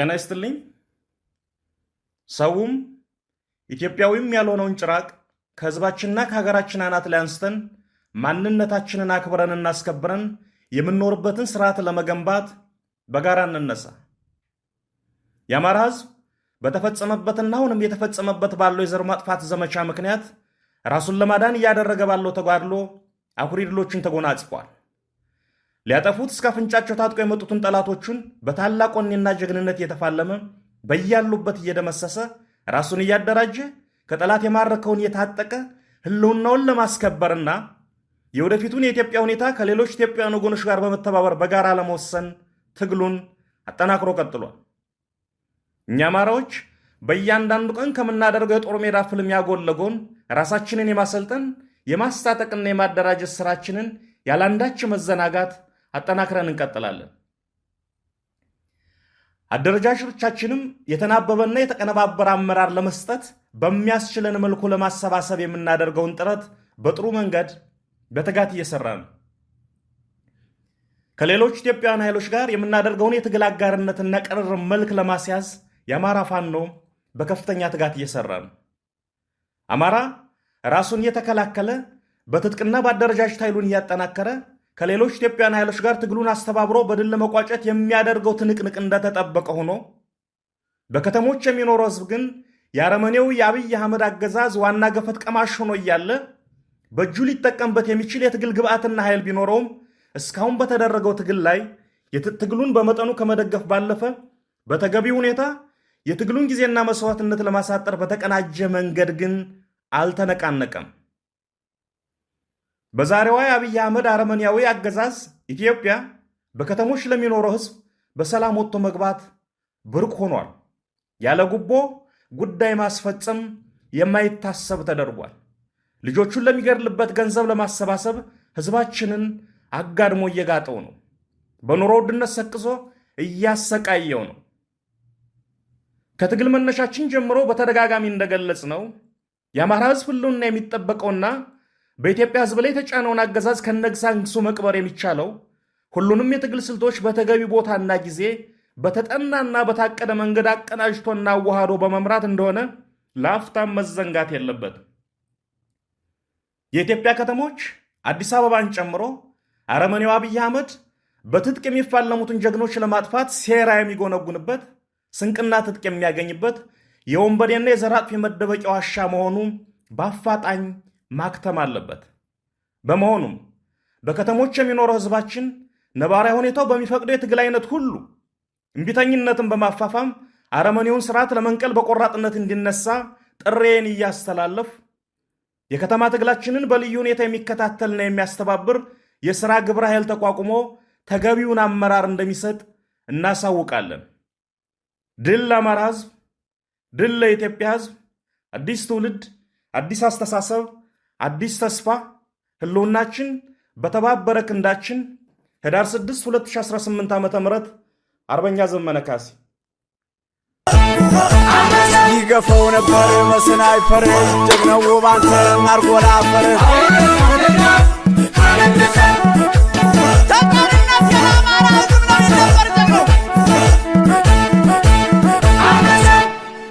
ጤና ይስጥልኝ። ሰውም ኢትዮጵያዊም ያልሆነውን ጭራቅ ከህዝባችንና ከሀገራችን አናት ላይ አንስተን ማንነታችንን አክብረን እናስከብረን የምንኖርበትን ስርዓት ለመገንባት በጋራ እንነሳ። የአማራ ህዝብ በተፈጸመበትና አሁንም የተፈጸመበት ባለው የዘር ማጥፋት ዘመቻ ምክንያት ራሱን ለማዳን እያደረገ ባለው ተጓድሎ አኩሪ ድሎችን ተጎናጽፏል። ሊያጠፉት እስከ አፍንጫቸው ታጥቆ የመጡትን ጠላቶቹን በታላቅ ወኔና ጀግንነት እየተፋለመ በያሉበት እየደመሰሰ ራሱን እያደራጀ ከጠላት የማረከውን እየታጠቀ ህልውናውን ለማስከበርና የወደፊቱን የኢትዮጵያ ሁኔታ ከሌሎች ኢትዮጵያውያን ወገኖች ጋር በመተባበር በጋራ ለመወሰን ትግሉን አጠናክሮ ቀጥሏል። እኛ አማራዎች በእያንዳንዱ ቀን ከምናደርገው የጦር ሜዳ ፍልሚያ ጎን ለጎን ራሳችንን የማሰልጠን የማስታጠቅና የማደራጀት ስራችንን ያላንዳች መዘናጋት አጠናክረን እንቀጥላለን። አደረጃጀቶቻችንም የተናበበና የተቀነባበረ አመራር ለመስጠት በሚያስችለን መልኩ ለማሰባሰብ የምናደርገውን ጥረት በጥሩ መንገድ በትጋት እየሰራ ነው። ከሌሎች ኢትዮጵያውያን ኃይሎች ጋር የምናደርገውን የትግል አጋርነትና ቅርር መልክ ለማስያዝ የአማራ ፋኖ በከፍተኛ ትጋት እየሰራ ነው። አማራ ራሱን እየተከላከለ በትጥቅና በአደረጃጀት ኃይሉን እያጠናከረ ከሌሎች ኢትዮጵያን ኃይሎች ጋር ትግሉን አስተባብሮ በድል ለመቋጨት የሚያደርገው ትንቅንቅ እንደተጠበቀ ሆኖ በከተሞች የሚኖረው ህዝብ ግን የአረመኔው የአብይ አህመድ አገዛዝ ዋና ገፈት ቀማሽ ሆኖ እያለ በእጁ ሊጠቀምበት የሚችል የትግል ግብአትና ኃይል ቢኖረውም እስካሁን በተደረገው ትግል ላይ ትግሉን በመጠኑ ከመደገፍ ባለፈ በተገቢ ሁኔታ የትግሉን ጊዜና መስዋዕትነት ለማሳጠር በተቀናጀ መንገድ ግን አልተነቃነቀም። በዛሬዋ የአብይ አህመድ አረመንያዊ አገዛዝ ኢትዮጵያ በከተሞች ለሚኖረው ሕዝብ በሰላም ወጥቶ መግባት ብርቅ ሆኗል። ያለ ጉቦ ጉዳይ ማስፈጸም የማይታሰብ ተደርጓል። ልጆቹን ለሚገድልበት ገንዘብ ለማሰባሰብ ህዝባችንን አጋድሞ እየጋጠው ነው። በኑሮ ውድነት ሰቅዞ እያሰቃየው ነው። ከትግል መነሻችን ጀምሮ በተደጋጋሚ እንደገለጽ ነው የአማራ ህዝብ ህልውና የሚጠበቀውና በኢትዮጵያ ሕዝብ ላይ የተጫነውን አገዛዝ ከነግሳንግሱ መቅበር የሚቻለው ሁሉንም የትግል ስልቶች በተገቢ ቦታና ጊዜ በተጠናና በታቀደ መንገድ አቀናጅቶና አዋሃዶ በመምራት እንደሆነ ለአፍታም መዘንጋት የለበትም። የኢትዮጵያ ከተሞች አዲስ አበባን ጨምሮ አረመኔው አብይ አህመድ በትጥቅ የሚፋለሙትን ጀግኖች ለማጥፋት ሴራ የሚጎነጉንበት ስንቅና ትጥቅ የሚያገኝበት የወንበዴና የዘራጥፍ የመደበቂያ ዋሻ መሆኑ በአፋጣኝ ማክተም አለበት። በመሆኑም በከተሞች የሚኖረው ህዝባችን ነባራዊ ሁኔታው በሚፈቅደው የትግል አይነት ሁሉ እምቢተኝነትን በማፋፋም አረመኔውን ስርዓት ለመንቀል በቆራጥነት እንዲነሳ ጥሬን እያስተላለፍ የከተማ ትግላችንን በልዩ ሁኔታ የሚከታተልና የሚያስተባብር የሥራ ግብረ ኃይል ተቋቁሞ ተገቢውን አመራር እንደሚሰጥ እናሳውቃለን። ድል ለአማራ ህዝብ፣ ድል ለኢትዮጵያ ህዝብ። አዲስ ትውልድ፣ አዲስ አስተሳሰብ አዲስ ተስፋ ህልውናችን በተባበረ ክንዳችን ህዳር 6 2018 ዓ ም አርበኛ ዘመነ ካሴ ይገፈው ነበር መስናይፐር ጀግናው ባንተ ማርጎላ ፈር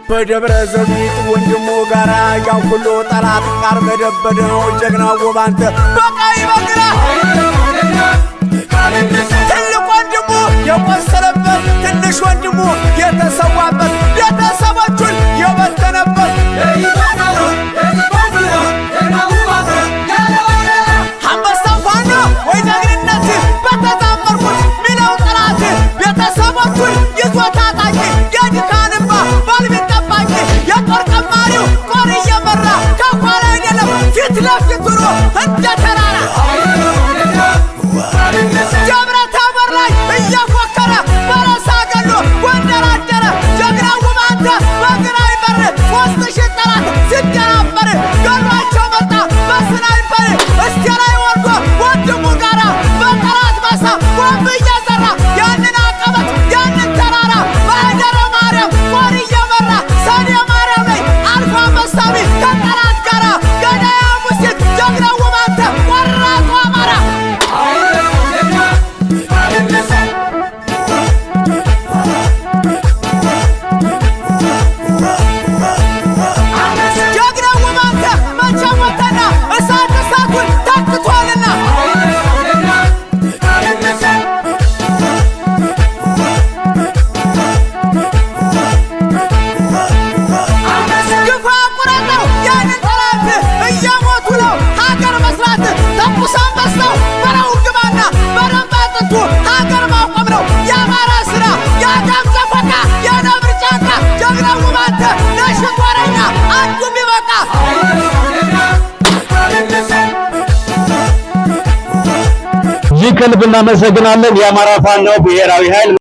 በደብረ ዘቢጥ ወንድሙ ጋር ያው ሁሉ ጠላት ቃር በደበደው ጀግና ጎባንተ በቀይ በግራ ትልቅ ወንድሙ የቆሰለበት ትንሽ ወንድሙ የተሰ ተማሪው ጦር እየመራ ከኋላ አይደለም ፊት ለፊት ሆኖ እንደ ተራ ከልብ እናመሰግናለን። የአማራ ፋኖ ብሔራዊ ኃይል